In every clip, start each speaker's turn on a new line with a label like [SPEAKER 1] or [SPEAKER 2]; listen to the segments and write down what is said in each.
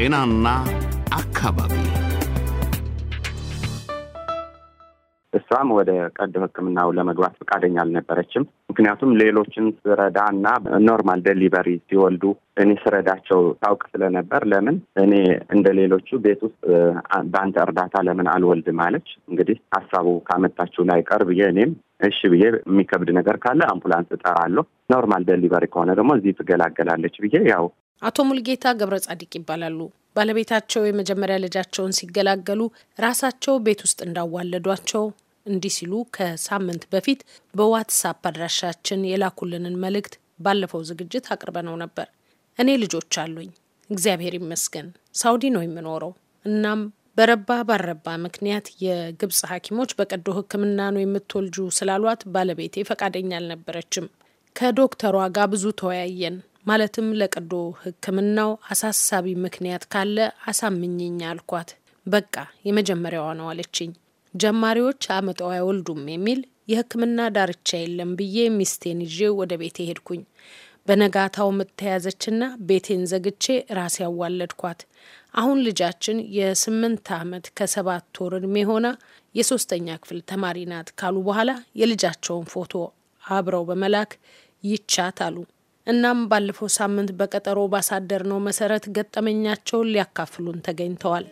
[SPEAKER 1] ጤናና አካባቢ እሷም ወደ ቀዶ ህክምናው ለመግባት ፈቃደኛ አልነበረችም። ምክንያቱም ሌሎችን ስረዳ እና ኖርማል ደሊቨሪ ሲወልዱ እኔ ስረዳቸው ታውቅ ስለነበር ለምን እኔ እንደ ሌሎቹ ቤት ውስጥ በአንተ እርዳታ ለምን አልወልድ ማለች እንግዲህ ሀሳቡ ካመጣችሁ ላይ ቀር ብዬ እኔም እሺ ብዬ የሚከብድ ነገር ካለ አምቡላንስ እጠራለሁ፣ ኖርማል ደሊቨሪ ከሆነ ደግሞ እዚህ ትገላገላለች ብዬ ያው
[SPEAKER 2] አቶ ሙልጌታ ገብረ ጻድቅ ይባላሉ። ባለቤታቸው የመጀመሪያ ልጃቸውን ሲገላገሉ ራሳቸው ቤት ውስጥ እንዳዋለዷቸው እንዲህ ሲሉ ከሳምንት በፊት በዋትሳፕ አድራሻችን የላኩልንን መልእክት ባለፈው ዝግጅት አቅርበነው ነበር። እኔ ልጆች አሉኝ፣ እግዚአብሔር ይመስገን። ሳውዲ ነው የምኖረው። እናም በረባ ባረባ ምክንያት የግብፅ ሐኪሞች በቀዶ ሕክምና ነው የምትወልጁ ስላሏት ባለቤቴ ፈቃደኛ አልነበረችም። ከዶክተሯ ጋር ብዙ ተወያየን። ማለትም ለቀዶ ሕክምናው አሳሳቢ ምክንያት ካለ አሳምኝኝ አልኳት። በቃ የመጀመሪያዋ ነው አለችኝ። ጀማሪዎች አመጠው አይወልዱም የሚል የሕክምና ዳርቻ የለም ብዬ ሚስቴን ይዤ ወደ ቤቴ ሄድኩኝ። በነጋታው ምተያዘችና ቤቴን ዘግቼ ራሴ ያዋለድኳት። አሁን ልጃችን የስምንት ዓመት ከሰባት ወር እድሜ ሆና የሶስተኛ ክፍል ተማሪ ናት ካሉ በኋላ የልጃቸውን ፎቶ አብረው በመላክ ይቻት አሉ። እናም ባለፈው ሳምንት በቀጠሮ ባሳደር ነው መሰረት ገጠመኛቸውን ሊያካፍሉን ተገኝተዋል።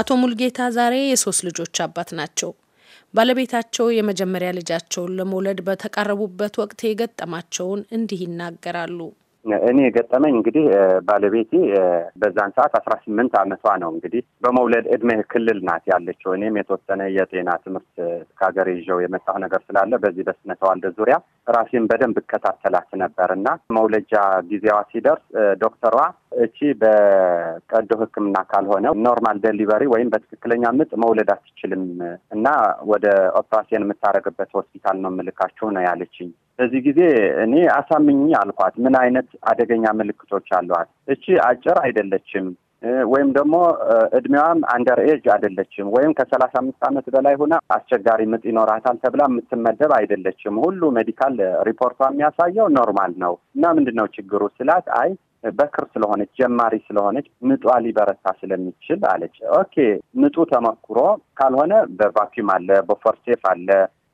[SPEAKER 2] አቶ ሙልጌታ ዛሬ የሶስት ልጆች አባት ናቸው። ባለቤታቸው የመጀመሪያ ልጃቸውን ለመውለድ በተቃረቡበት ወቅት የገጠማቸውን እንዲህ ይናገራሉ።
[SPEAKER 1] እኔ የገጠመኝ እንግዲህ ባለቤቴ በዛን ሰዓት አስራ ስምንት አመቷ ነው እንግዲህ በመውለድ እድሜ ክልል ናት ያለችው። እኔም የተወሰነ የጤና ትምህርት ከሀገር ይዤው የመጣሁ ነገር ስላለ በዚህ በስነ ዙሪያ ራሴን በደንብ እከታተላት ነበር እና መውለጃ ጊዜዋ ሲደርስ ዶክተሯ እቺ በቀዶ ሕክምና ካልሆነ ኖርማል ደሊቨሪ ወይም በትክክለኛ ምጥ መውለድ አትችልም እና ወደ ኦፕራሲየን የምታደርግበት ሆስፒታል ነው የምልካችሁ ነው ያለችኝ። በዚህ ጊዜ እኔ አሳምኝ አልኳት። ምን አይነት አደገኛ ምልክቶች አሏት? እቺ አጭር አይደለችም ወይም ደግሞ እድሜዋም አንደር ኤጅ አይደለችም፣ ወይም ከሰላሳ አምስት ዓመት በላይ ሆና አስቸጋሪ ምጥ ይኖራታል ተብላ የምትመደብ አይደለችም። ሁሉ ሜዲካል ሪፖርቷ የሚያሳየው ኖርማል ነው እና ምንድን ነው ችግሩ ስላት አይ በክር ስለሆነች ጀማሪ ስለሆነች ምጧ ሊበረታ ስለሚችል አለች። ኦኬ ምጡ ተመኩሮ ካልሆነ በቫኪም አለ፣ በፎርሴፍ አለ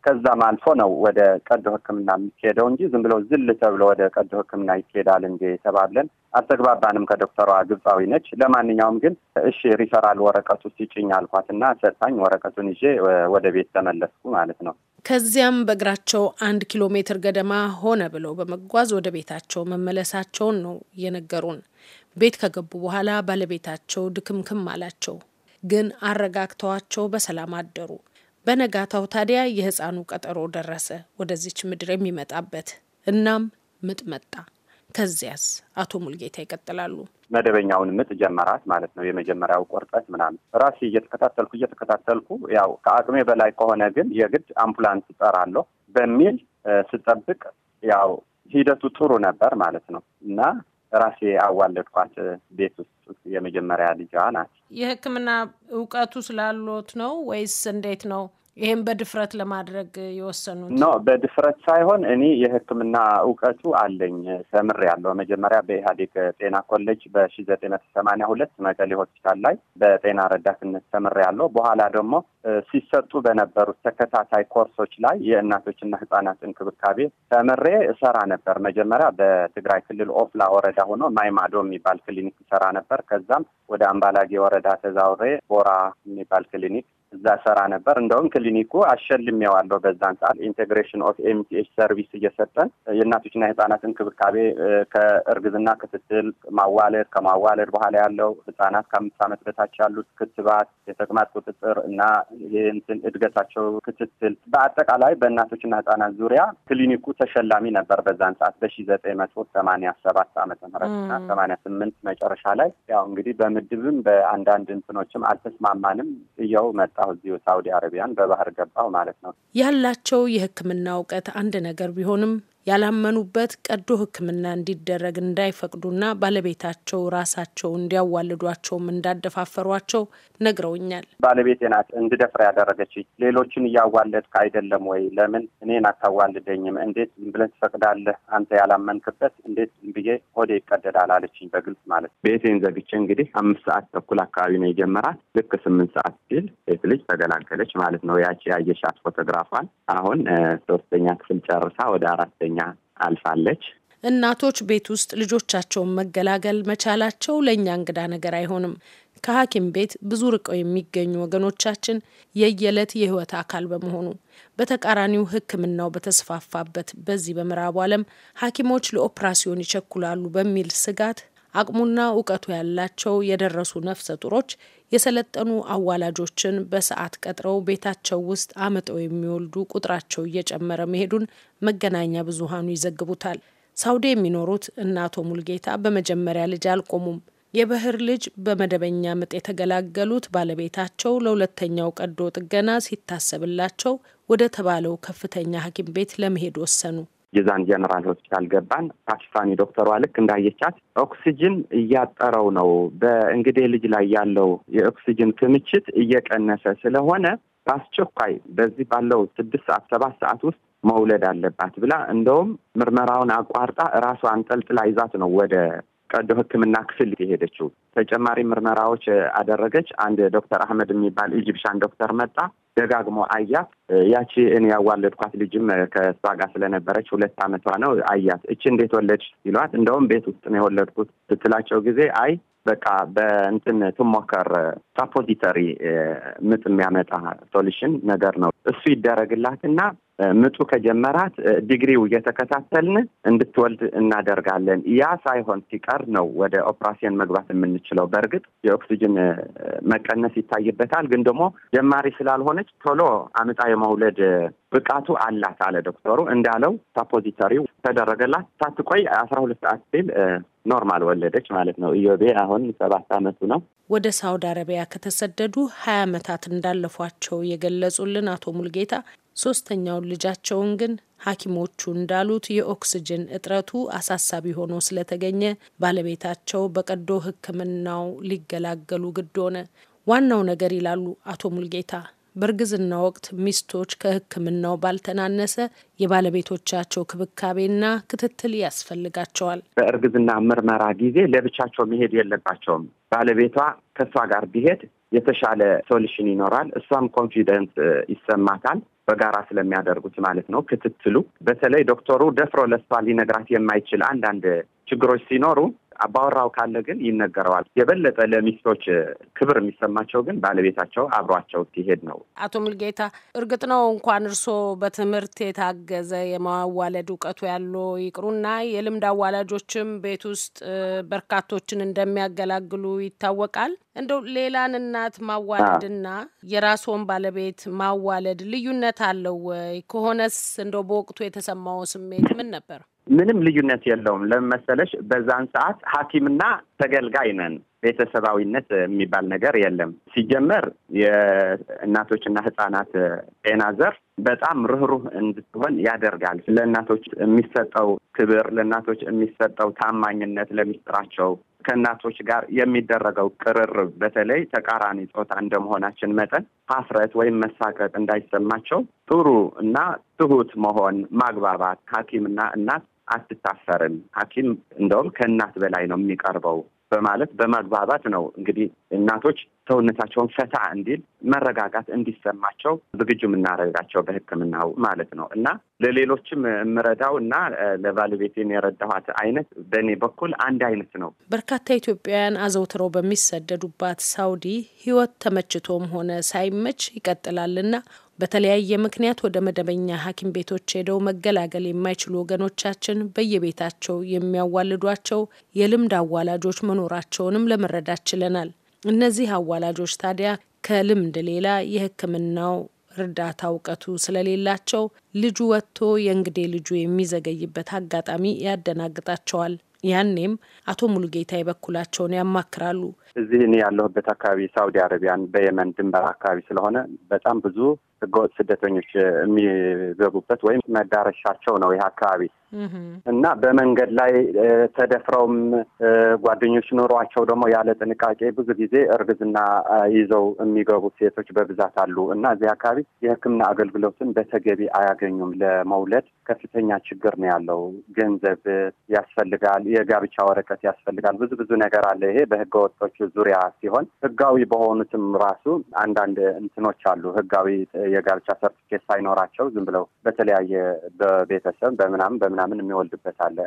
[SPEAKER 1] ከዛም አልፎ ነው ወደ ቀዶ ሕክምና የሚካሄደው እንጂ ዝም ብለው ዝል ተብሎ ወደ ቀዶ ሕክምና ይካሄዳል እንዴ የተባለን አልተግባባንም። ከዶክተሯ ግብፃዊ ነች። ለማንኛውም ግን እሺ ሪፈራል ወረቀቱ ሲጭኝ አልኳት እና ወረቀቱን ይዤ ወደ ቤት ተመለስኩ ማለት ነው።
[SPEAKER 2] ከዚያም በእግራቸው አንድ ኪሎ ሜትር ገደማ ሆነ ብለው በመጓዝ ወደ ቤታቸው መመለሳቸውን ነው እየነገሩን። ቤት ከገቡ በኋላ ባለቤታቸው ድክምክም አላቸው፣ ግን አረጋግተዋቸው በሰላም አደሩ። በነጋታው ታዲያ የህፃኑ ቀጠሮ ደረሰ፣ ወደዚች ምድር የሚመጣበት እናም ምጥ መጣ። ከዚያስ አቶ ሙልጌታ ይቀጥላሉ።
[SPEAKER 1] መደበኛውን ምጥ ጀመራት ማለት ነው። የመጀመሪያው ቁርጠት ምናምን ራሴ እየተከታተልኩ እየተከታተልኩ ያው ከአቅሜ በላይ ከሆነ ግን የግድ አምቡላንስ እጠራለሁ በሚል ስጠብቅ ያው ሂደቱ ጥሩ ነበር ማለት ነው እና ራሴ አዋለድኳት ቤት ውስጥ የመጀመሪያ ልጇ ናት።
[SPEAKER 2] የሕክምና እውቀቱ ስላሎት ነው ወይስ እንዴት ነው? ይህም በድፍረት ለማድረግ የወሰኑት
[SPEAKER 1] ኖ በድፍረት ሳይሆን እኔ የህክምና እውቀቱ አለኝ ሰምር ያለው መጀመሪያ በኢህአዴግ ጤና ኮሌጅ በሺ ዘጠኝ መቶ ሰማኒያ ሁለት መቀሌ ሆስፒታል ላይ በጤና ረዳትነት ተምር ያለው በኋላ ደግሞ ሲሰጡ በነበሩት ተከታታይ ኮርሶች ላይ የእናቶችና ህጻናት እንክብካቤ ተምሬ እሰራ ነበር። መጀመሪያ በትግራይ ክልል ኦፍላ ወረዳ ሆኖ ማይማዶ የሚባል ክሊኒክ እሰራ ነበር። ከዛም ወደ አምባላጌ ወረዳ ተዛውሬ ቦራ የሚባል ክሊኒክ እዛ ሰራ ነበር። እንደውም ክሊኒኩ አሸልሜዋለሁ። በዛን ሰዓት ኢንቴግሬሽን ኦፍ ኤምቲኤች ሰርቪስ እየሰጠን የእናቶችና ህጻናት እንክብካቤ ከእርግዝና ክትትል፣ ማዋለድ፣ ከማዋለድ በኋላ ያለው ህጻናት ከአምስት ዓመት በታች ያሉት ክትባት፣ የተቅማጥ ቁጥጥር እና ይህንትን እድገታቸው ክትትል በአጠቃላይ በእናቶችና ህጻናት ዙሪያ ክሊኒኩ ተሸላሚ ነበር። በዛን ሰዓት በሺ ዘጠኝ መቶ ሰማኒያ ሰባት ዓመተ ምህረት እና ሰማኒያ ስምንት መጨረሻ ላይ ያው እንግዲህ በምድብም በአንዳንድ እንትኖችም አልተስማማንም። ጥየው መጣ መጣሁ እዚሁ ሳውዲ አረቢያን በባህር ገባው ማለት ነው።
[SPEAKER 2] ያላቸው የሕክምና እውቀት አንድ ነገር ቢሆንም ያላመኑበት ቀዶ ሕክምና እንዲደረግ እንዳይፈቅዱና ባለቤታቸው ራሳቸው እንዲያዋልዷቸውም እንዳደፋፈሯቸው ነግረውኛል።
[SPEAKER 1] ባለቤቴ ናት እንድደፍር ያደረገች። ሌሎችን እያዋለድክ አይደለም ወይ? ለምን እኔን አታዋልደኝም? እንዴት ዝም ብለን ትፈቅዳለህ? አንተ ያላመንክበት እንዴት ዝም ብዬ ሆዴ ይቀደዳል አለችኝ። በግልጽ ማለት ቤቴን ዘግቼ እንግዲህ አምስት ሰዓት ተኩል አካባቢ ነው የጀመራት። ልክ ስምንት ሰዓት ሲል ሴት ልጅ ተገላገለች ማለት ነው። ያቺ ያየሻት ፎቶግራፏን አሁን ሶስተኛ ክፍል ጨርሳ ወደ አራተኛ በእኛ አልፋለች።
[SPEAKER 2] እናቶች ቤት ውስጥ ልጆቻቸውን መገላገል መቻላቸው ለእኛ እንግዳ ነገር አይሆንም። ከሐኪም ቤት ብዙ ርቀው የሚገኙ ወገኖቻችን የየዕለት የህይወት አካል በመሆኑ በተቃራኒው ሕክምናው በተስፋፋበት በዚህ በምዕራቡ ዓለም ሐኪሞች ለኦፕራሲዮን ይቸኩላሉ በሚል ስጋት አቅሙና እውቀቱ ያላቸው የደረሱ ነፍሰ ጡሮች የሰለጠኑ አዋላጆችን በሰዓት ቀጥረው ቤታቸው ውስጥ አምጠው የሚወልዱ ቁጥራቸው እየጨመረ መሄዱን መገናኛ ብዙሃኑ ይዘግቡታል። ሳውዲ የሚኖሩት እነ አቶ ሙልጌታ በመጀመሪያ ልጅ አልቆሙም። የበህር ልጅ በመደበኛ ምጥ የተገላገሉት ባለቤታቸው ለሁለተኛው ቀዶ ጥገና ሲታሰብላቸው ወደ ተባለው ከፍተኛ ሐኪም ቤት ለመሄድ ወሰኑ።
[SPEAKER 1] ጅዛን ጀነራል ሆስፒታል ገባን። ፓኪስታኒ ዶክተሯ ልክ እንዳየቻት ኦክሲጅን እያጠረው ነው፣ በእንግዴ ልጅ ላይ ያለው የኦክሲጅን ክምችት እየቀነሰ ስለሆነ በአስቸኳይ በዚህ ባለው ስድስት ሰዓት ሰባት ሰዓት ውስጥ መውለድ አለባት ብላ እንደውም ምርመራውን አቋርጣ ራሷ አንጠልጥላ ይዛት ነው ወደ ቀዶ ሕክምና ክፍል የሄደችው ተጨማሪ ምርመራዎች አደረገች። አንድ ዶክተር አህመድ የሚባል ኢጂፕሻን ዶክተር መጣ፣ ደጋግሞ አያት። ያቺ እኔ ያዋለድኳት ልጅም ከእሷ ጋር ስለነበረች ሁለት ዓመቷ ነው። አያት እቺ እንዴት ወለድ ሲሏት፣ እንደውም ቤት ውስጥ ነው የወለድኩት ስትላቸው ጊዜ አይ በቃ በእንትን ትሞከር ሳፖዚተሪ ምጥ የሚያመጣ ሶሉሽን ነገር ነው እሱ ይደረግላትና ምጡ ከጀመራት ዲግሪው እየተከታተልን እንድትወልድ እናደርጋለን። ያ ሳይሆን ሲቀር ነው ወደ ኦፕራሲየን መግባት የምንችለው። በእርግጥ የኦክሲጅን መቀነስ ይታይበታል፣ ግን ደግሞ ጀማሪ ስላልሆነች ቶሎ አምጣ የመውለድ ብቃቱ አላት አለ ዶክተሩ። እንዳለው ሳፖዚተሪው ተደረገላት። ሳትቆይ አስራ ሁለት ሰዓት ሲል ኖርማል ወለደች ማለት ነው። ኢዮቤ አሁን ሰባት አመቱ ነው።
[SPEAKER 2] ወደ ሳውዲ አረቢያ ከተሰደዱ ሀያ አመታት እንዳለፏቸው የገለጹልን አቶ ሙልጌታ ሶስተኛውን ልጃቸውን ግን ሐኪሞቹ እንዳሉት የኦክስጅን እጥረቱ አሳሳቢ ሆኖ ስለተገኘ ባለቤታቸው በቀዶ ሕክምናው ሊገላገሉ ግድ ሆነ። ዋናው ነገር ይላሉ አቶ ሙልጌታ በእርግዝና ወቅት ሚስቶች ከህክምናው ባልተናነሰ የባለቤቶቻቸው ክብካቤና ክትትል ያስፈልጋቸዋል።
[SPEAKER 1] በእርግዝና ምርመራ ጊዜ ለብቻቸው መሄድ የለባቸውም። ባለቤቷ ከእሷ ጋር ቢሄድ የተሻለ ሶሉሽን ይኖራል። እሷም ኮንፊደንስ ይሰማታል። በጋራ ስለሚያደርጉት ማለት ነው። ክትትሉ በተለይ ዶክተሩ ደፍሮ ለሷ ሊነግራት የማይችል አንዳንድ ችግሮች ሲኖሩ አባወራው ካለ ግን ይነገረዋል። የበለጠ ለሚስቶች ክብር የሚሰማቸው ግን ባለቤታቸው አብሯቸው ሲሄድ ነው።
[SPEAKER 2] አቶ ሙልጌታ፣ እርግጥ ነው እንኳን እርስዎ በትምህርት የታገዘ የማዋለድ እውቀቱ ያለው ይቅሩና የልምድ አዋላጆችም ቤት ውስጥ በርካቶችን እንደሚያገላግሉ ይታወቃል። እንደው ሌላን እናት ማዋለድና የራስዎን ባለቤት ማዋለድ ልዩነት አለው ወይ? ከሆነስ እንደው በወቅቱ የተሰማው ስሜት ምን ነበር?
[SPEAKER 1] ምንም ልዩነት የለውም። ለምን መሰለሽ? በዛን ሰዓት ሐኪምና ተገልጋይ ነን። ቤተሰባዊነት የሚባል ነገር የለም። ሲጀመር የእናቶችና ህፃናት ጤና ዘርፍ በጣም ርኅሩህ እንድትሆን ያደርጋል። ለእናቶች የሚሰጠው ክብር፣ ለእናቶች የሚሰጠው ታማኝነት፣ ለሚስጥራቸው ከእናቶች ጋር የሚደረገው ቅርርብ በተለይ ተቃራኒ ጾታ እንደመሆናችን መጠን ሀፍረት ወይም መሳቀቅ እንዳይሰማቸው ጥሩ እና ትሁት መሆን፣ ማግባባት ሐኪምና እናት አትታሰርን ሐኪም እንደውም ከእናት በላይ ነው የሚቀርበው በማለት በማግባባት ነው እንግዲህ እናቶች ሰውነታቸውን ፈታ እንዲል መረጋጋት እንዲሰማቸው ዝግጁ የምናደርጋቸው በሕክምናው ማለት ነው እና ለሌሎችም የምረዳው እና ለባለቤቴን የረዳኋት አይነት በእኔ በኩል አንድ አይነት ነው።
[SPEAKER 2] በርካታ ኢትዮጵያውያን አዘውትረው በሚሰደዱባት ሳውዲ ህይወት ተመችቶም ሆነ ሳይመች ይቀጥላልና በተለያየ ምክንያት ወደ መደበኛ ሐኪም ቤቶች ሄደው መገላገል የማይችሉ ወገኖቻችን በየቤታቸው የሚያዋልዷቸው የልምድ አዋላጆች መኖራቸውንም ለመረዳት ችለናል። እነዚህ አዋላጆች ታዲያ ከልምድ ሌላ የሕክምናው እርዳታ እውቀቱ ስለሌላቸው ልጁ ወጥቶ የእንግዴ ልጁ የሚዘገይበት አጋጣሚ ያደናግጣቸዋል። ያኔም አቶ ሙሉጌታ የበኩላቸውን ያማክራሉ።
[SPEAKER 1] እዚህ እኔ ያለሁበት አካባቢ ሳውዲ አረቢያን በየመን ድንበር አካባቢ ስለሆነ በጣም ብዙ ህገወጥ ስደተኞች የሚገቡበት ወይም መዳረሻቸው ነው ይህ አካባቢ እና በመንገድ ላይ ተደፍረውም ጓደኞች ኖሯቸው ደግሞ ያለ ጥንቃቄ ብዙ ጊዜ እርግዝና ይዘው የሚገቡ ሴቶች በብዛት አሉ እና እዚህ አካባቢ የህክምና አገልግሎትን በተገቢ አያገኙም። ለመውለድ ከፍተኛ ችግር ነው ያለው። ገንዘብ ያስፈልጋል፣ የጋብቻ ወረቀት ያስፈልጋል፣ ብዙ ብዙ ነገር አለ። ይሄ በህገ ወጦች ዙሪያ ሲሆን ህጋዊ በሆኑትም ራሱ አንዳንድ እንትኖች አሉ ህጋዊ የጋብቻ ሰርቲፊኬት ሳይኖራቸው ዝም ብለው በተለያየ በቤተሰብ በምናምን በምናምን የሚወልድበት አለ።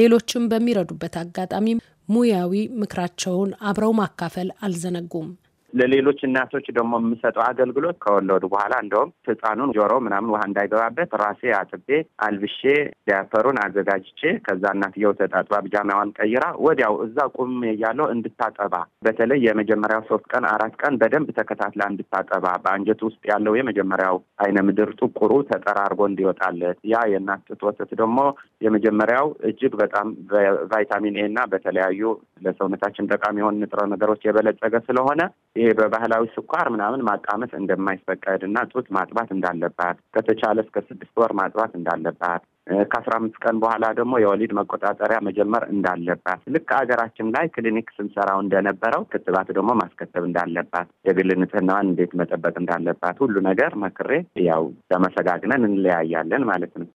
[SPEAKER 2] ሌሎችም በሚረዱበት አጋጣሚ ሙያዊ ምክራቸውን አብረው ማካፈል አልዘነጉም።
[SPEAKER 1] ለሌሎች እናቶች ደግሞ የምሰጠው አገልግሎት ከወለዱ በኋላ እንደውም ህፃኑን ጆሮ ምናምን ውሃ እንዳይገባበት ራሴ አጥቤ አልብሼ ዳያፐሩን አዘጋጅቼ ከዛ እናትየው ተጣጥባ ብጃማዋን ቀይራ ወዲያው እዛ ቁም እያለው እንድታጠባ በተለይ የመጀመሪያው ሶስት ቀን አራት ቀን በደንብ ተከታትላ እንድታጠባ በአንጀት ውስጥ ያለው የመጀመሪያው አይነ ምድር ጥቁሩ ተጠራርጎ እንዲወጣለት ያ የእናት ጡት ወተት ደግሞ የመጀመሪያው እጅግ በጣም በቫይታሚን ኤ እና በተለያዩ ለሰውነታችን ጠቃሚ የሆኑ ንጥረ ነገሮች የበለጸገ ስለሆነ ይሄ በባህላዊ ስኳር ምናምን ማቃመስ እንደማይፈቀድ እና ጡት ማጥባት እንዳለባት ከተቻለ እስከ ስድስት ወር ማጥባት እንዳለባት ከአስራ አምስት ቀን በኋላ ደግሞ የወሊድ መቆጣጠሪያ መጀመር እንዳለባት ልክ ሀገራችን ላይ ክሊኒክ ስንሰራው እንደነበረው ክትባት ደግሞ ማስከተብ እንዳለባት የግል ንጽህናዋን እንዴት መጠበቅ እንዳለባት ሁሉ ነገር መክሬ ያው ለመሰጋግነን እንለያያለን ማለት ነው።